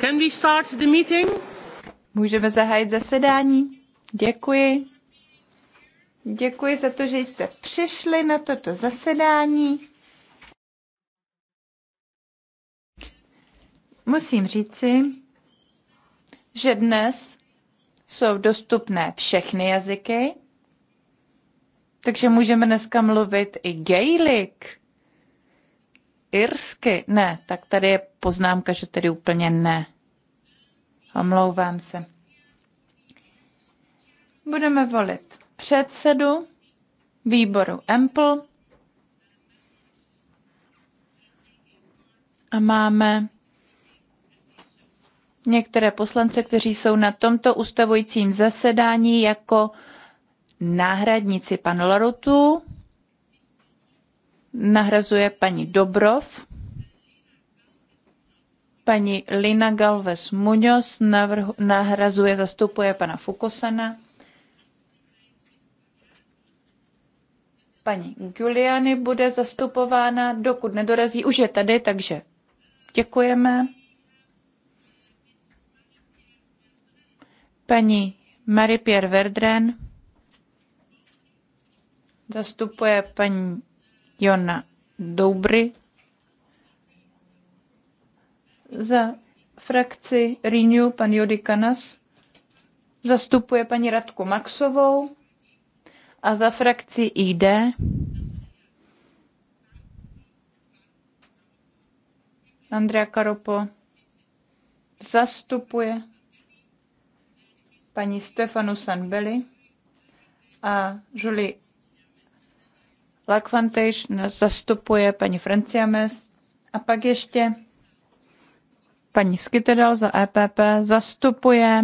Can we start the meeting? Můžeme zahájit zasedání. Děkuji. Děkuji za to, že jste přišli na toto zasedání. Musím říci, že dnes jsou dostupné všechny jazyky, takže můžeme dneska mluvit i gaelic irsky? Ne, tak tady je poznámka, že tedy úplně ne. Omlouvám se. Budeme volit předsedu výboru EMPL a máme některé poslance, kteří jsou na tomto ustavujícím zasedání jako náhradníci pan Lorutu, nahrazuje paní Dobrov. Paní Lina Galvez Muñoz navrhu, nahrazuje, zastupuje pana Fukosana. Paní Giuliani bude zastupována, dokud nedorazí. Už je tady, takže děkujeme. Paní Marie-Pierre Verdren zastupuje paní Jona Doubry za frakci Renew pan Jody Kanas zastupuje paní Radku Maxovou a za frakci ID Andrea Karopo zastupuje paní Stefanu Sanbeli a Julie Lakvantež nás zastupuje paní Mes a pak ještě paní Skytedal za EPP zastupuje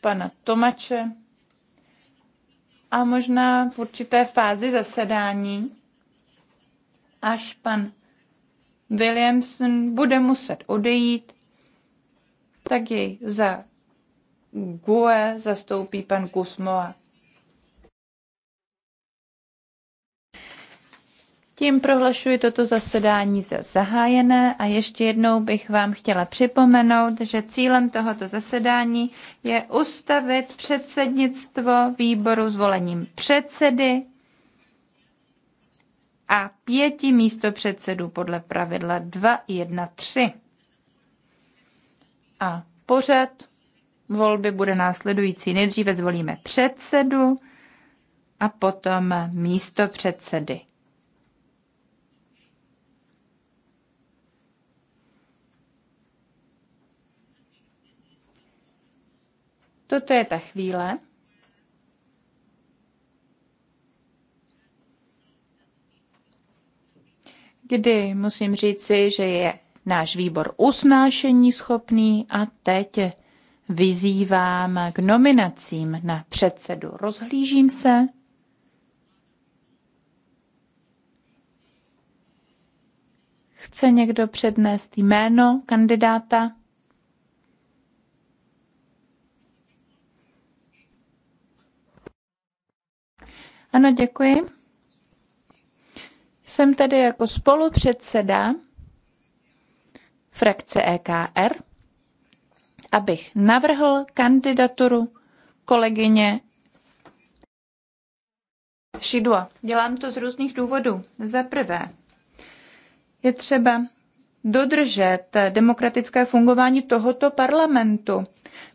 pana Tomače a možná v určité fázi zasedání, až pan Williamson bude muset odejít, tak jej za GUE zastoupí pan Kusmoa. Tím prohlašuji toto zasedání za zahájené a ještě jednou bych vám chtěla připomenout, že cílem tohoto zasedání je ustavit předsednictvo výboru zvolením předsedy a pěti místopředsedů podle pravidla 2, 1, 3. A pořad volby bude následující. Nejdříve zvolíme předsedu a potom místopředsedy. Toto je ta chvíle, kdy musím říci, že je náš výbor usnášení schopný a teď vyzývám k nominacím na předsedu. Rozhlížím se. Chce někdo přednést jméno kandidáta? Ano, děkuji. Jsem tady jako spolupředseda frakce EKR, abych navrhl kandidaturu kolegyně Šidua. Dělám to z různých důvodů. Za prvé, je třeba dodržet demokratické fungování tohoto parlamentu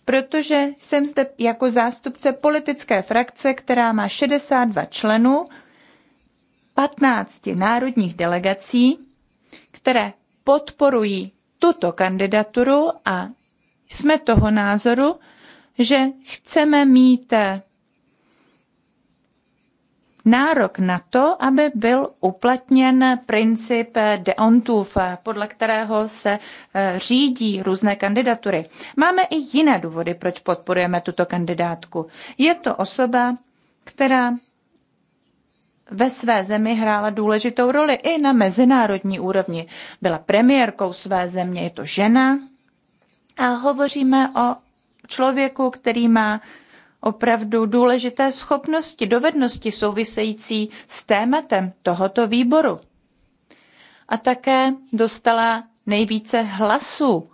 protože jsem zde jako zástupce politické frakce, která má 62 členů, 15 národních delegací, které podporují tuto kandidaturu a jsme toho názoru, že chceme mít nárok na to, aby byl uplatněn princip deontův, podle kterého se eh, řídí různé kandidatury. Máme i jiné důvody, proč podporujeme tuto kandidátku. Je to osoba, která ve své zemi hrála důležitou roli i na mezinárodní úrovni. Byla premiérkou své země, je to žena a hovoříme o člověku, který má opravdu důležité schopnosti, dovednosti související s tématem tohoto výboru. A také dostala nejvíce hlasů,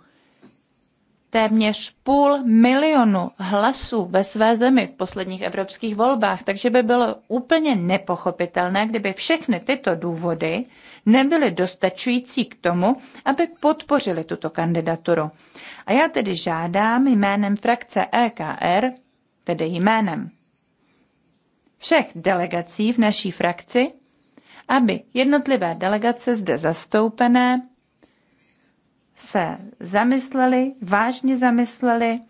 téměř půl milionu hlasů ve své zemi v posledních evropských volbách, takže by bylo úplně nepochopitelné, kdyby všechny tyto důvody nebyly dostačující k tomu, aby podpořili tuto kandidaturu. A já tedy žádám jménem frakce EKR tedy jménem všech delegací v naší frakci, aby jednotlivé delegace zde zastoupené se zamysleli, vážně zamysleli,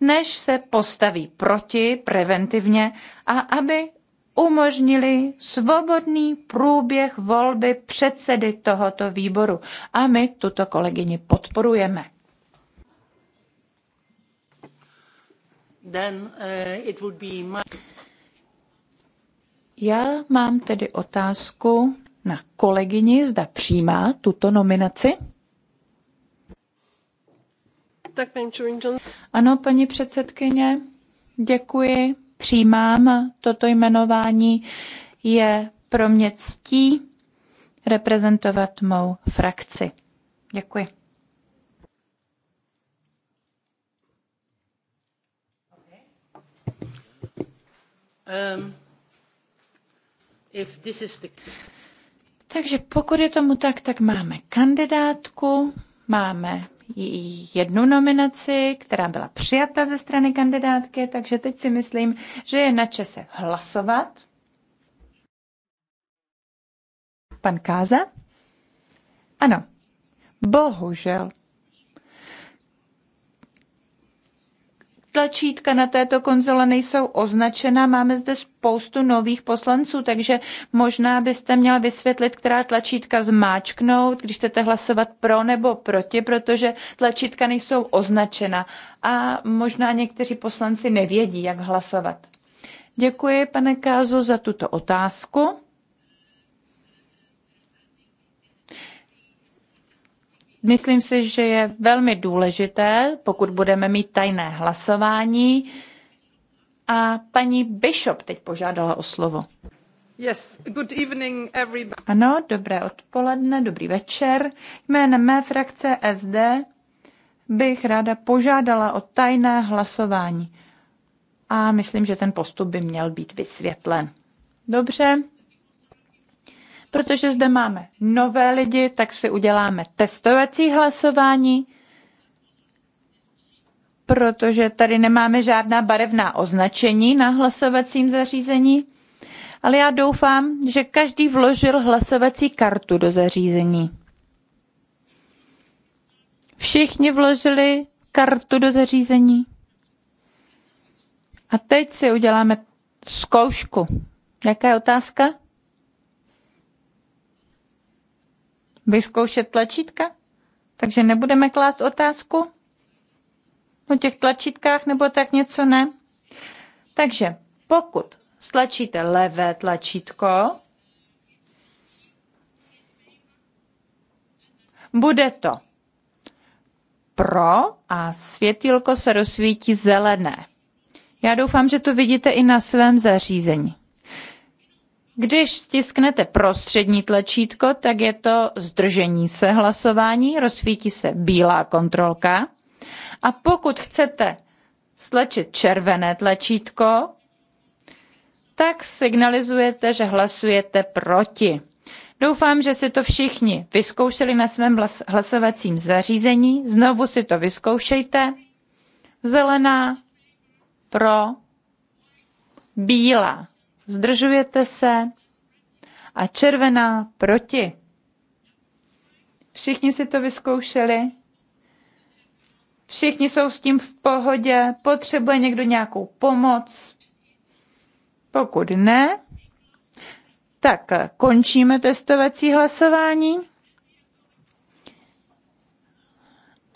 než se postaví proti preventivně a aby umožnili svobodný průběh volby předsedy tohoto výboru. A my tuto kolegyni podporujeme. then uh, it would be my... Já mám tedy otázku na kolegyni, zda přijímá tuto nominaci. Tak, paní Ano, paní předsedkyně, děkuji. Přijímám toto jmenování. Je pro mě ctí reprezentovat mou frakci. Děkuji. Um, if this is the... Takže pokud je tomu tak, tak máme kandidátku, máme jednu nominaci, která byla přijata ze strany kandidátky, takže teď si myslím, že je na čase hlasovat. Pan Káza? Ano. Bohužel tlačítka na této konzole nejsou označena. Máme zde spoustu nových poslanců, takže možná byste měla vysvětlit, která tlačítka zmáčknout, když chcete hlasovat pro nebo proti, protože tlačítka nejsou označena a možná někteří poslanci nevědí, jak hlasovat. Děkuji, pane Kázo, za tuto otázku. Myslím si, že je velmi důležité, pokud budeme mít tajné hlasování. A paní Bishop teď požádala o slovo. Yes, good evening, everybody. Ano, dobré odpoledne, dobrý večer. Jménem mé frakce SD bych ráda požádala o tajné hlasování. A myslím, že ten postup by měl být vysvětlen. Dobře, Protože zde máme nové lidi, tak si uděláme testovací hlasování, protože tady nemáme žádná barevná označení na hlasovacím zařízení. Ale já doufám, že každý vložil hlasovací kartu do zařízení. Všichni vložili kartu do zařízení. A teď si uděláme zkoušku. Jaká je otázka? vyzkoušet tlačítka? Takže nebudeme klást otázku o těch tlačítkách nebo tak něco ne? Takže pokud stlačíte levé tlačítko, bude to pro a světílko se rozsvítí zelené. Já doufám, že to vidíte i na svém zařízení. Když stisknete prostřední tlačítko, tak je to zdržení se hlasování, rozsvítí se bílá kontrolka. A pokud chcete stlačit červené tlačítko, tak signalizujete, že hlasujete proti. Doufám, že si to všichni vyzkoušeli na svém hlasovacím zařízení. Znovu si to vyzkoušejte. Zelená pro bílá zdržujete se a červená proti. Všichni si to vyzkoušeli? Všichni jsou s tím v pohodě? Potřebuje někdo nějakou pomoc? Pokud ne, tak končíme testovací hlasování.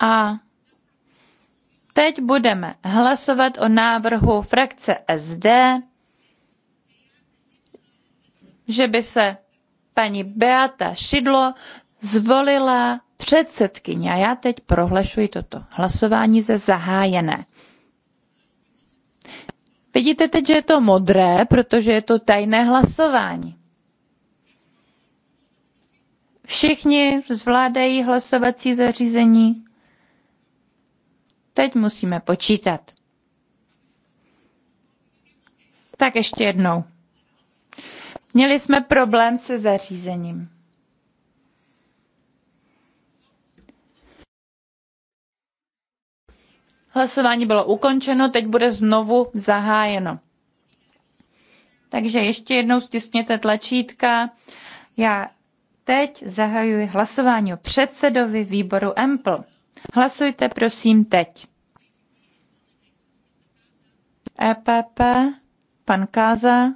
A teď budeme hlasovat o návrhu frakce SD že by se paní Beata Šidlo zvolila předsedkyně. A já teď prohlašuji toto hlasování ze zahájené. Vidíte teď, že je to modré, protože je to tajné hlasování. Všichni zvládají hlasovací zařízení. Teď musíme počítat. Tak ještě jednou. Měli jsme problém se zařízením. Hlasování bylo ukončeno, teď bude znovu zahájeno. Takže ještě jednou stiskněte tlačítka. Já teď zahajuji hlasování o předsedovi výboru EMPL. Hlasujte prosím teď. EPP, pan Káza,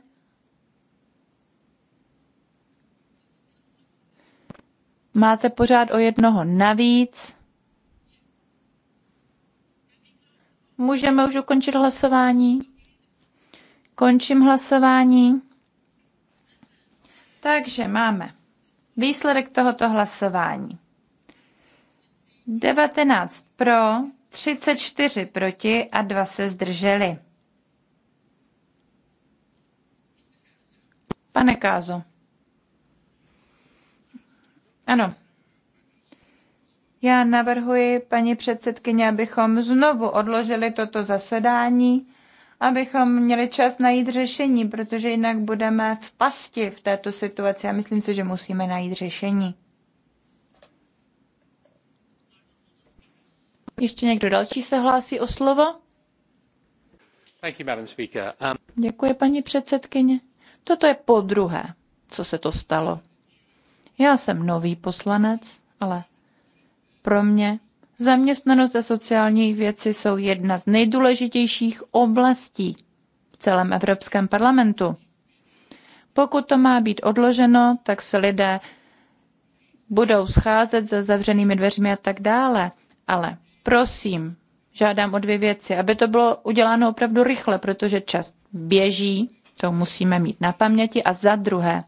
máte pořád o jednoho navíc. Můžeme už ukončit hlasování? Končím hlasování. Takže máme výsledek tohoto hlasování. 19 pro, 34 proti a 2 se zdrželi. Pane Kázo. Ano. Já navrhuji, paní předsedkyně, abychom znovu odložili toto zasedání, abychom měli čas najít řešení, protože jinak budeme v pasti v této situaci a myslím si, že musíme najít řešení. Ještě někdo další se hlásí o slovo? Um, Děkuji, paní předsedkyně. Toto je po druhé, co se to stalo. Já jsem nový poslanec, ale pro mě zaměstnanost a sociální věci jsou jedna z nejdůležitějších oblastí v celém Evropském parlamentu. Pokud to má být odloženo, tak se lidé budou scházet za zavřenými dveřmi a tak dále. Ale prosím, žádám o dvě věci, aby to bylo uděláno opravdu rychle, protože čas běží, to musíme mít na paměti. A za druhé,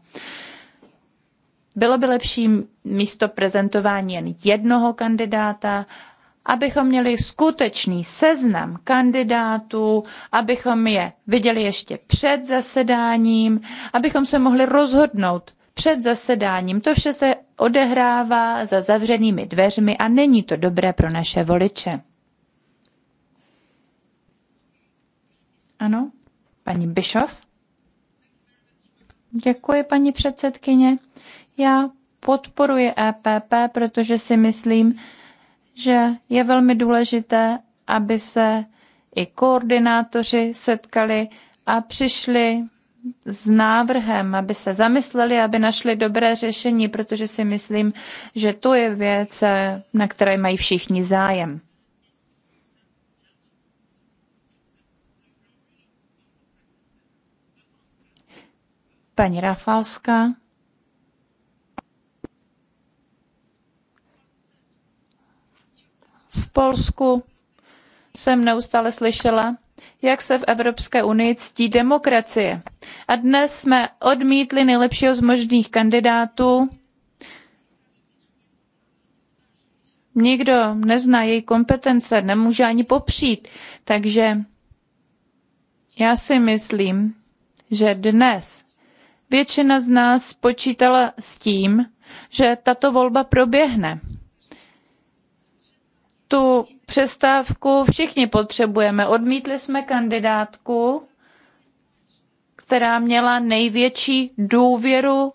bylo by lepší místo prezentování jen jednoho kandidáta, abychom měli skutečný seznam kandidátů, abychom je viděli ještě před zasedáním, abychom se mohli rozhodnout před zasedáním. To vše se odehrává za zavřenými dveřmi a není to dobré pro naše voliče. Ano, paní Bischoff? Děkuji, paní předsedkyně. Já podporuji EPP, protože si myslím, že je velmi důležité, aby se i koordinátoři setkali a přišli s návrhem, aby se zamysleli, aby našli dobré řešení, protože si myslím, že to je věc, na které mají všichni zájem. Paní Rafalská. Polsku jsem neustále slyšela, jak se v Evropské unii ctí demokracie. A dnes jsme odmítli nejlepšího z možných kandidátů. Nikdo nezná její kompetence, nemůže ani popřít. Takže já si myslím, že dnes většina z nás počítala s tím, že tato volba proběhne tu přestávku všichni potřebujeme. Odmítli jsme kandidátku, která měla největší důvěru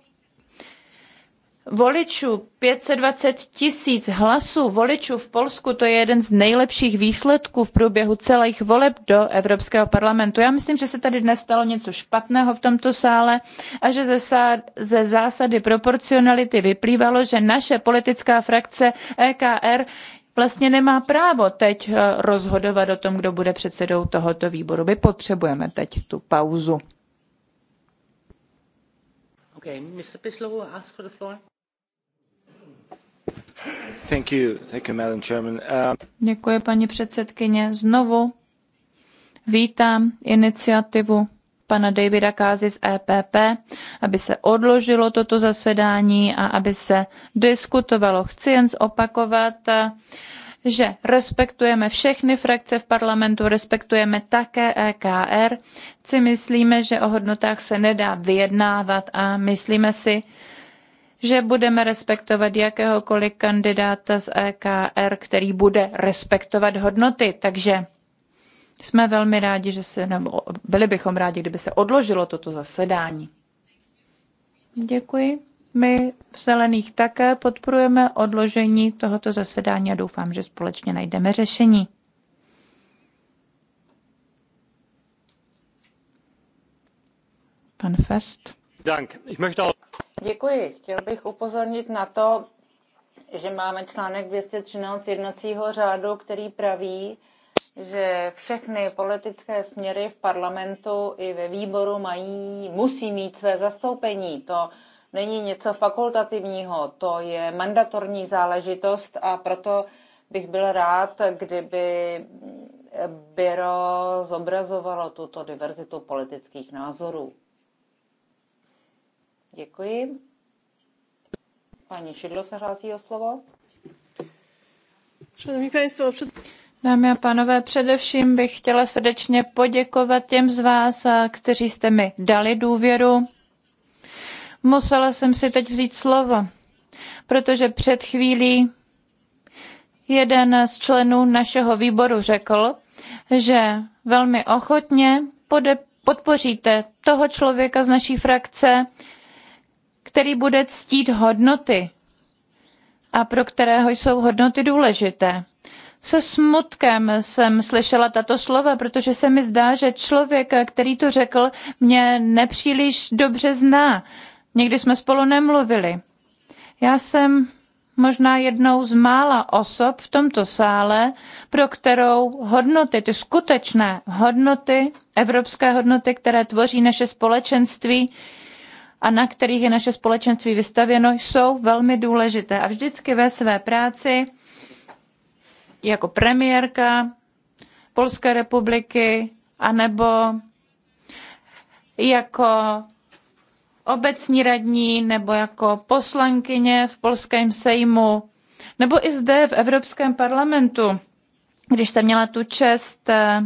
voličů, 520 tisíc hlasů voličů v Polsku, to je jeden z nejlepších výsledků v průběhu celých voleb do Evropského parlamentu. Já myslím, že se tady dnes stalo něco špatného v tomto sále a že ze, zásady proporcionality vyplývalo, že naše politická frakce EKR vlastně nemá právo teď eh, rozhodovat o tom, kdo bude předsedou tohoto výboru. My potřebujeme teď tu pauzu. Okay, Mr. Pislow, ask for the floor. Thank you. Thank you, Madam Chairman. Um... Děkuji, paní předsedkyně. Znovu vítám iniciativu pana Davida Kázy z EPP, aby se odložilo toto zasedání a aby se diskutovalo. Chci jen zopakovat, že respektujeme všechny frakce v parlamentu, respektujeme také EKR. Si myslíme, že o hodnotách se nedá vyjednávat a myslíme si, že budeme respektovat jakéhokoliv kandidáta z EKR, který bude respektovat hodnoty. Takže jsme velmi rádi, že se, nebo byli bychom rádi, kdyby se odložilo toto zasedání. Děkuji. My v Zelených také podporujeme odložení tohoto zasedání a doufám, že společně najdeme řešení. Pan Fest. Děkuji. Chtěl bych upozornit na to, že máme článek 213 jednacího řádu, který praví, že všechny politické směry v parlamentu i ve výboru mají, musí mít své zastoupení. To není něco fakultativního, to je mandatorní záležitost a proto bych byl rád, kdyby byro zobrazovalo tuto diverzitu politických názorů. Děkuji. Pani Šidlo se hlásí o slovo. Szanowni Państwo, przed... Dámy a pánové, především bych chtěla srdečně poděkovat těm z vás, kteří jste mi dali důvěru. Musela jsem si teď vzít slovo, protože před chvílí jeden z členů našeho výboru řekl, že velmi ochotně podpoříte toho člověka z naší frakce, který bude ctít hodnoty a pro kterého jsou hodnoty důležité. Se smutkem jsem slyšela tato slova, protože se mi zdá, že člověk, který to řekl, mě nepříliš dobře zná. Někdy jsme spolu nemluvili. Já jsem možná jednou z mála osob v tomto sále, pro kterou hodnoty, ty skutečné hodnoty, evropské hodnoty, které tvoří naše společenství a na kterých je naše společenství vystavěno, jsou velmi důležité. A vždycky ve své práci jako premiérka Polské republiky anebo jako obecní radní nebo jako poslankyně v polském sejmu nebo i zde v Evropském parlamentu, když jsem měla tu čest eh,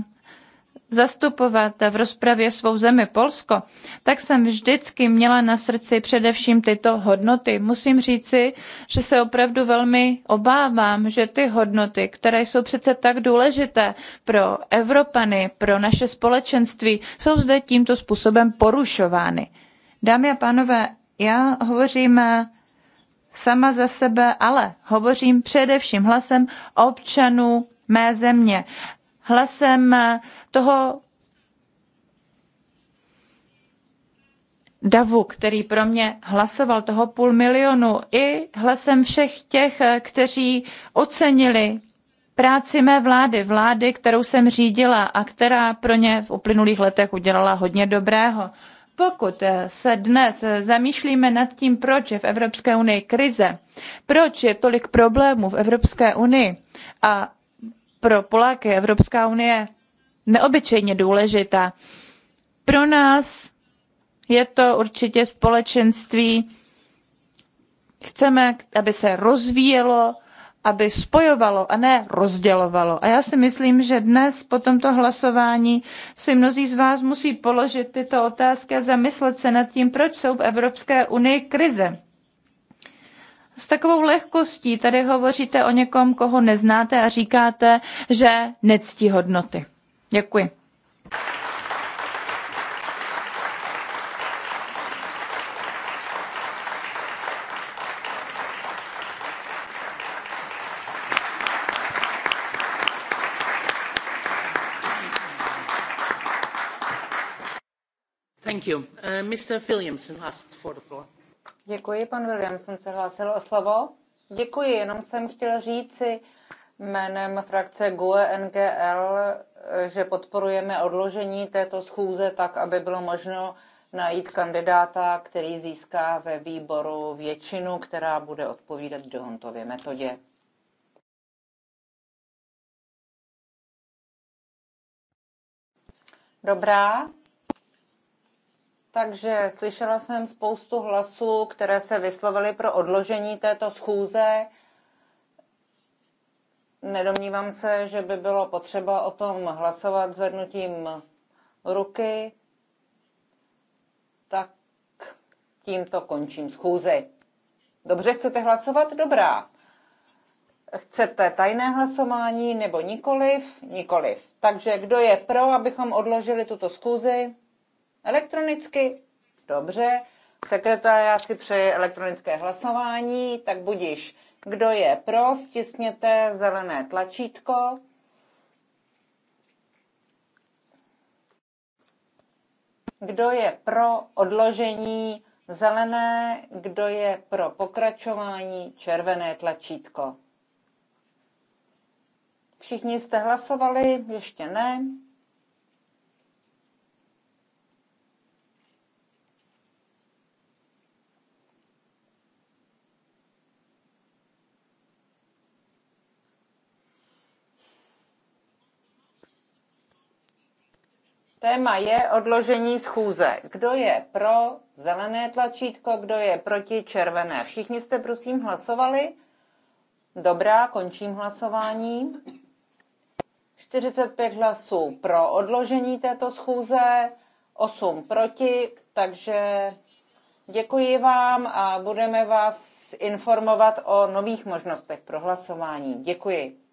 zastupovat v rozpravě svou zemi Polsko, tak jsem vždycky měla na srdci především tyto hodnoty. Musím říci, že se opravdu velmi obávám, že ty hodnoty, které jsou přece tak důležité pro Evropany, pro naše společenství, jsou zde tímto způsobem porušovány. Dámy a pánové, já hovořím eh, sama za sebe, ale hovořím především hlasem občanů mé země hlasem toho davu, který pro mě hlasoval, toho půl milionu, i hlasem všech těch, kteří ocenili práci mé vlády, vlády, kterou jsem řídila a která pro ně v uplynulých letech udělala hodně dobrého. Pokud se dnes zamýšlíme nad tím, proč je v Evropské unii krize, proč je tolik problémů v Evropské unii a pro Poláky Evropská unie neobyčejně důležitá. Pro nás je to určitě společenství, chceme, aby se rozvíjelo, aby spojovalo a ne rozdělovalo. A já si myslím, že dnes po tomto hlasování si mnozí z vás musí položit tyto otázky a zamyslet se nad tím, proč jsou v Evropské unii krize s takovou lehkostí tady hovoříte o někom, koho neznáte a říkáte, že nectí hodnoty. Děkuji. Thank you. Uh, Mr. Williamson asked for the floor. Děkuji, pan Williamson se hlásil o slovo. Děkuji, jenom jsem chtěla říci jménem frakce GUE NGL, že podporujeme odložení této schůze tak, aby bylo možno najít kandidáta, který získá ve výboru většinu, která bude odpovídat Dohontově metodě. Dobrá, takže slyšela jsem spoustu hlasů, které se vyslovily pro odložení této schůze. Nedomnívám se, že by bylo potřeba o tom hlasovat zvednutím ruky. Tak tímto končím schůzi. Dobře, chcete hlasovat? Dobrá. Chcete tajné hlasování nebo nikoliv? Nikoliv. Takže kdo je pro, abychom odložili tuto schůzi? Elektronicky? Dobře. Sekretariát si přeje elektronické hlasování, tak budiš. Kdo je pro, stisněte zelené tlačítko. Kdo je pro odložení zelené, kdo je pro pokračování červené tlačítko. Všichni jste hlasovali, ještě ne. Téma je odložení schůze. Kdo je pro zelené tlačítko, kdo je proti červené? Všichni jste prosím hlasovali? Dobrá, končím hlasování. 45 hlasů pro odložení této schůze, 8 proti, takže děkuji vám a budeme vás informovat o nových možnostech pro hlasování. Děkuji.